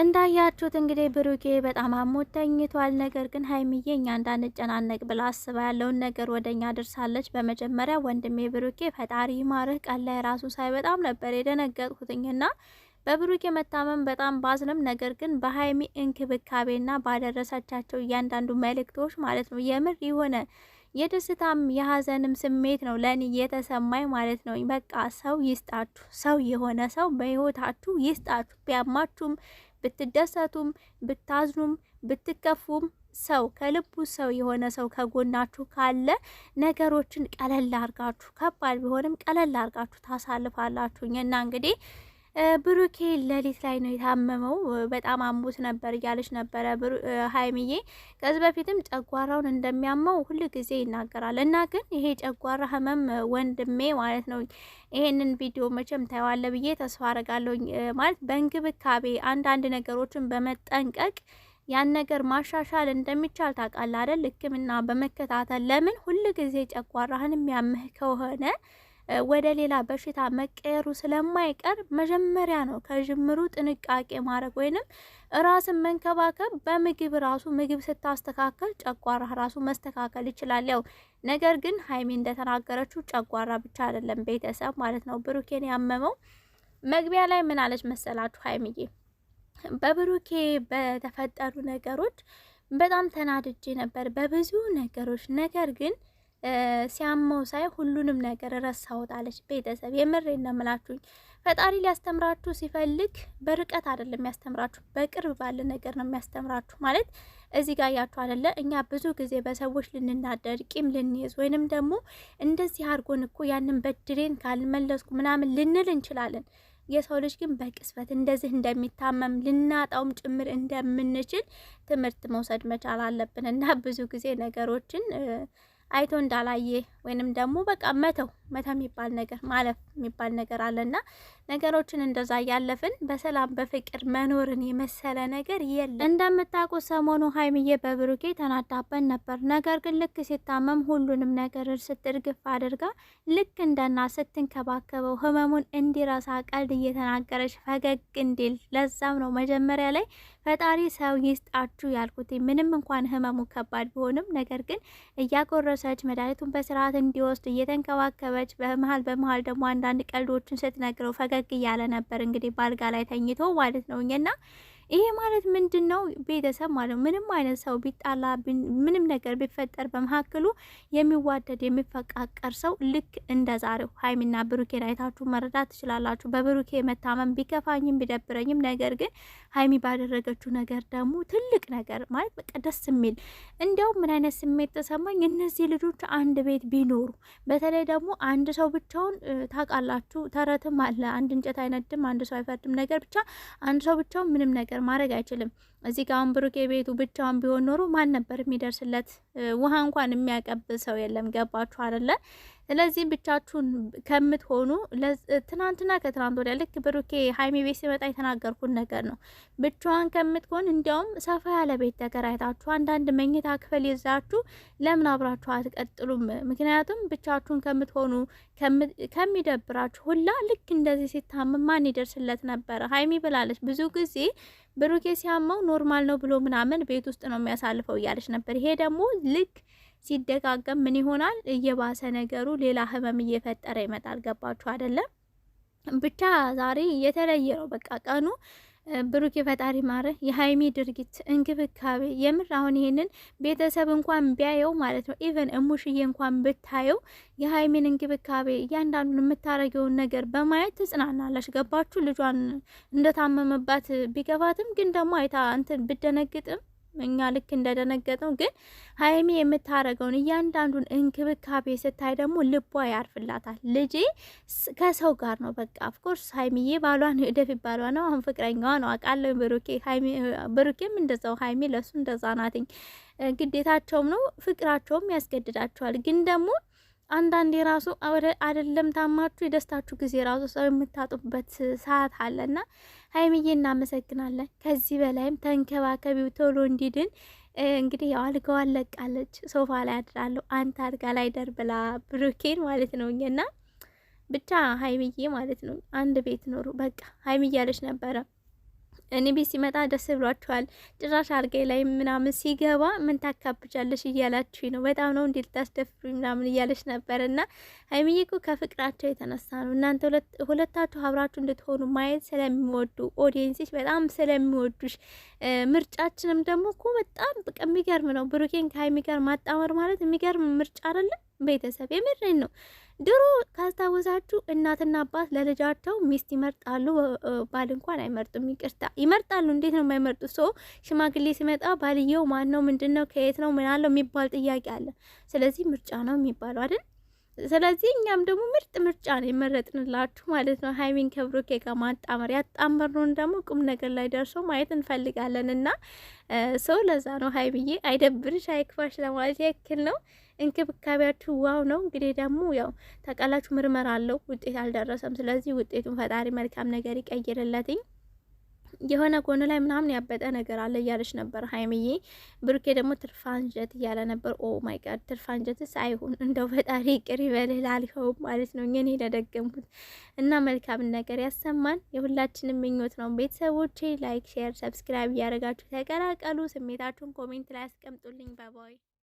እንዳያችሁት እንግዲህ ብሩኬ በጣም አሞት ተኝቷል። ነገር ግን ሀይሚዬ እኛ እንዳንጨናነቅ ብላ አስባ ያለውን ነገር ወደ እኛ ድርሳለች። በመጀመሪያ ወንድሜ ብሩኬ ፈጣሪ ማርህ፣ ቀን ላይ ራሱ ሳይ በጣም ነበር የደነገጥኩትኝና በብሩኬ መታመም በጣም ባዝንም፣ ነገር ግን በሀይሚ እንክብካቤና ባደረሰቻቸው እያንዳንዱ መልእክቶች ማለት ነው የምር የሆነ የደስታም የሀዘንም ስሜት ነው ለእኔ የተሰማኝ ማለት ነው። በቃ ሰው ይስጣችሁ፣ ሰው የሆነ ሰው በህይወታችሁ ይስጣችሁ ቢያማችሁም ብትደሰቱም ብታዝኑም ብትከፉም ሰው ከልቡ ሰው የሆነ ሰው ከጎናችሁ ካለ ነገሮችን ቀለል አርጋችሁ ከባድ ቢሆንም ቀለል አርጋችሁ ታሳልፋላችሁኝ እና እንግዲህ ብሩኬ ለሊት ላይ ነው የታመመው፣ በጣም አሞት ነበር እያለች ነበረ ሀይሚዬ። ከዚህ በፊትም ጨጓራውን እንደሚያመው ሁል ጊዜ ይናገራል እና ግን ይሄ ጨጓራ ህመም ወንድሜ ማለት ነው። ይሄንን ቪዲዮ መቼም ታየዋለ ብዬ ተስፋ አረጋለሁ። ማለት በእንክብካቤ አንዳንድ ነገሮችን በመጠንቀቅ ያን ነገር ማሻሻል እንደሚቻል ታውቃለህ አይደል? ህክምና በመከታተል ለምን ሁል ጊዜ ጨጓራህን የሚያምህ ከሆነ ወደ ሌላ በሽታ መቀየሩ ስለማይቀር መጀመሪያ ነው ከጅምሩ ጥንቃቄ ማድረግ ወይንም ራስን መንከባከብ። በምግብ ራሱ ምግብ ስታስተካከል ጨጓራ ራሱ መስተካከል ይችላል። ያው ነገር ግን ሀይሚ እንደተናገረችው ጨጓራ ብቻ አይደለም ቤተሰብ ማለት ነው ብሩኬን ያመመው። መግቢያ ላይ ምን አለች መሰላችሁ ሀይሚዬ በብሩኬ በተፈጠሩ ነገሮች በጣም ተናድጄ ነበር በብዙ ነገሮች ነገር ግን ሲያመው ሳይ ሁሉንም ነገር ረሳውታለች። ቤተሰብ የምሬ ነው የምላችሁኝ። ፈጣሪ ሊያስተምራችሁ ሲፈልግ በርቀት አይደለም የሚያስተምራችሁ፣ በቅርብ ባለ ነገር ነው የሚያስተምራችሁ። ማለት እዚህ ጋር እያችሁ አይደለ? እኛ ብዙ ጊዜ በሰዎች ልንናደድ፣ ቂም ልንይዝ ወይንም ደግሞ እንደዚህ አድርጎን እኮ ያንን በድሬን ካልመለስኩ ምናምን ልንል እንችላለን። የሰው ልጅ ግን በቅስበት እንደዚህ እንደሚታመም ልናጣውም ጭምር እንደምንችል ትምህርት መውሰድ መቻል አለብን እና ብዙ ጊዜ ነገሮችን አይቶ እንዳላየ ወይንም ደግሞ በቃ መተው መተው የሚባል ነገር ማለፍ የሚባል ነገር አለና ነገሮችን እንደዛ እያለፍን በሰላም በፍቅር መኖርን የመሰለ ነገር የለም። እንደምታውቁ ሰሞኑ ሀይምዬ በብሩኬ ተናዳበን ነበር። ነገር ግን ልክ ሲታመም ሁሉንም ነገር ስትርግፍ አድርጋ ልክ እንደና ስትንከባከበው ህመሙን እንዲረሳ ቀልድ እየተናገረች ፈገግ እንዲል ለዛም ነው መጀመሪያ ላይ ፈጣሪ ሰው ይስጣችሁ ያልኩት። ምንም እንኳን ህመሙ ከባድ ቢሆንም ነገር ግን እያጎረሰች መድኃኒቱን በስርዓት እንዲወስድ እየተንከባከበች በመሀል በመሀል ደግሞ አንዳንድ ቀልዶችን ስትነግረው ፈገግ እያለ ነበር እንግዲህ በአልጋ ላይ ተኝቶ ማለት ነውና። ይሄ ማለት ምንድን ነው? ቤተሰብ ማለት ምንም አይነት ሰው ቢጣላ ምንም ነገር ቢፈጠር በመካከሉ የሚዋደድ የሚፈቃቀር ሰው ልክ እንደ ዛሬው ሀይሚና ብሩኬን አይታችሁ መረዳት ትችላላችሁ። በብሩኬ መታመም ቢከፋኝም ቢደብረኝም፣ ነገር ግን ሀይሚ ባደረገችው ነገር ደግሞ ትልቅ ነገር ማለት በቃ ደስ የሚል እንዲያውም ምን አይነት ስሜት ተሰማኝ። እነዚህ ልጆች አንድ ቤት ቢኖሩ በተለይ ደግሞ አንድ ሰው ብቻውን ታውቃላችሁ፣ ተረትም አለ አንድ እንጨት አይነድም፣ አንድ ሰው አይፈርድም ነገር ብቻ አንድ ሰው ብቻውን ምንም ነገር ነገር ማድረግ አይችልም። እዚህ ጋ አሁን ብሩኬ ቤቱ ብቻውን ቢሆን ኖሮ ማን ነበር የሚደርስለት? ውሃ እንኳን የሚያቀብ ሰው የለም። ገባችሁ አይደለ? ስለዚህ ብቻችሁን ከምትሆኑ ትናንትና ከትናንት ወዲያ ልክ ብሩኬ ሀይሚ ቤት ሲመጣ የተናገርኩት ነገር ነው። ብቻዋን ከምትሆን እንዲያውም ሰፋ ያለ ቤት ተከራይታችሁ አንዳንድ መኝታ ክፍል ይዛችሁ ለምን አብራችሁ አትቀጥሉም? ምክንያቱም ብቻችሁን ከምትሆኑ ከሚደብራችሁ ሁላ ልክ እንደዚህ ሲታመም ማን ይደርስለት ነበረ? ሀይሚ ብላለች ብዙ ጊዜ ብሩኬ ሲያመው ኖርማል ነው ብሎ ምናምን ቤት ውስጥ ነው የሚያሳልፈው እያለች ነበር። ይሄ ደግሞ ልክ ሲደጋገም ምን ይሆናል? እየባሰ ነገሩ ሌላ ህመም እየፈጠረ ይመጣል። ገባችሁ አይደለም? ብቻ ዛሬ የተለየ ነው። በቃ ቀኑ ብሩኬ ፈጣሪ ማረ። የሀይሚ ድርጊት እንክብካቤ፣ የምር አሁን ይሄንን ቤተሰብ እንኳን ቢያየው ማለት ነው ኢቨን እሙሽዬ እንኳን ብታየው የሀይሚን እንክብካቤ እያንዳንዱን የምታረገውን ነገር በማየት ትጽናናለሽ። ገባችሁ? ልጇን እንደታመመባት ቢገባትም ግን ደግሞ አይታ እንትን ብደነግጥም እኛ ልክ እንደደነገጠው ግን ሀይሚ የምታረገውን እያንዳንዱን እንክብካቤ ስታይ ደግሞ ልቧ ያርፍላታል። ልጄ ከሰው ጋር ነው በቃ ኦፍኮርስ ሀይሚዬ ባሏን ደፊ ባሏ ነው አሁን ፍቅረኛዋ ነው አውቃለሁ። ብሩኬም እንደዛው ሀይሚ ለሱ እንደዛ ናትኝ። ግዴታቸውም ነው ፍቅራቸውም ያስገድዳቸዋል። ግን ደግሞ አንዳንዴ ራሱ አይደለም ታማችሁ የደስታችሁ ጊዜ ራሱ ሰው የምታጡበት ሰዓት አለና ሀይሚዬ እናመሰግናለን። ከዚህ በላይም ተንከባከቢው ቶሎ እንዲድን። እንግዲህ ያው አልጋዋን ለቃለች። ሶፋ ላይ አድራለሁ አንተ አልጋ ላይ ደር ብላ ብሩኬን ማለት ነው እና ብቻ ሀይሚዬ ማለት ነው አንድ ቤት ኖሩ በቃ ሀይሚዬ አለች ነበረ እኔ ቤት ሲመጣ ደስ ብሏችኋል። ጭራሽ አልጋዬ ላይ ምናምን ሲገባ ምን ታካብጃለሽ እያላችሁ ነው፣ በጣም ነው እንዲህ ልታስደፍሩኝ ምናምን እያለች ነበር። እና ሀይሚዬ ከፍቅራቸው የተነሳ ነው እናንተ ሁለታችሁ አብራችሁ እንድትሆኑ ማየት ስለሚወዱ ኦዲየንሶች በጣም ስለሚወዱሽ፣ ምርጫችንም ደግሞ እኮ በጣም የሚገርም ነው። ብሩኬን ከሀይሚ ጋር ማጣመር ማለት የሚገርም ምርጫ አይደለም። ቤተሰብ የምድረኝ ነው። ድሮ ካስታወሳችሁ እናትና አባት ለልጃቸው ሚስት ይመርጣሉ፣ ባል እንኳን አይመርጡም። ይቅርታ ይመርጣሉ። እንዴት ነው የማይመርጡ? ሰው ሽማግሌ ሲመጣ ባልየው ማን ነው፣ ምንድን ነው፣ ከየት ነው፣ ምን አለው የሚባል ጥያቄ አለ። ስለዚህ ምርጫ ነው የሚባለው አይደል? ስለዚህ እኛም ደግሞ ምርጥ ምርጫ ነው የመረጥንላችሁ ማለት ነው። ሀይሚን ከብሩኬ ጋር ማጣመር ያጣመርነውን ደግሞ ቁም ነገር ላይ ደርሶ ማየት እንፈልጋለን እና ሰው ለዛ ነው ሀይሚዬ፣ አይደብርሽ አይክፋሽ ለማለት ያክል ነው። እንክብካቤያችሁ ዋው ነው። እንግዲህ ደግሞ ያው ተቃላችሁ ምርመራ አለው ውጤት አልደረሰም። ስለዚህ ውጤቱን ፈጣሪ መልካም ነገር ይቀይርለትኝ። የሆነ ጎን ላይ ምናምን ያበጠ ነገር አለ እያለች ነበር ሀይምዬ። ብሩኬ ደግሞ ትርፋ እንጀት እያለ ነበር። ኦ ማይ ጋድ ትርፋ እንጀትስ አይሁን እንደው ፈጣሪ ቅር ይበልህ ላልኸው ማለት ነው እኔ ለደገምኩት እና መልካም ነገር ያሰማን የሁላችንም ምኞት ነው። ቤተሰቦቼ ላይክ፣ ሼር፣ ሰብስክራይብ እያደረጋችሁ ተቀላቀሉ። ስሜታችሁን ኮሜንት ላይ አስቀምጡልኝ። ባባይ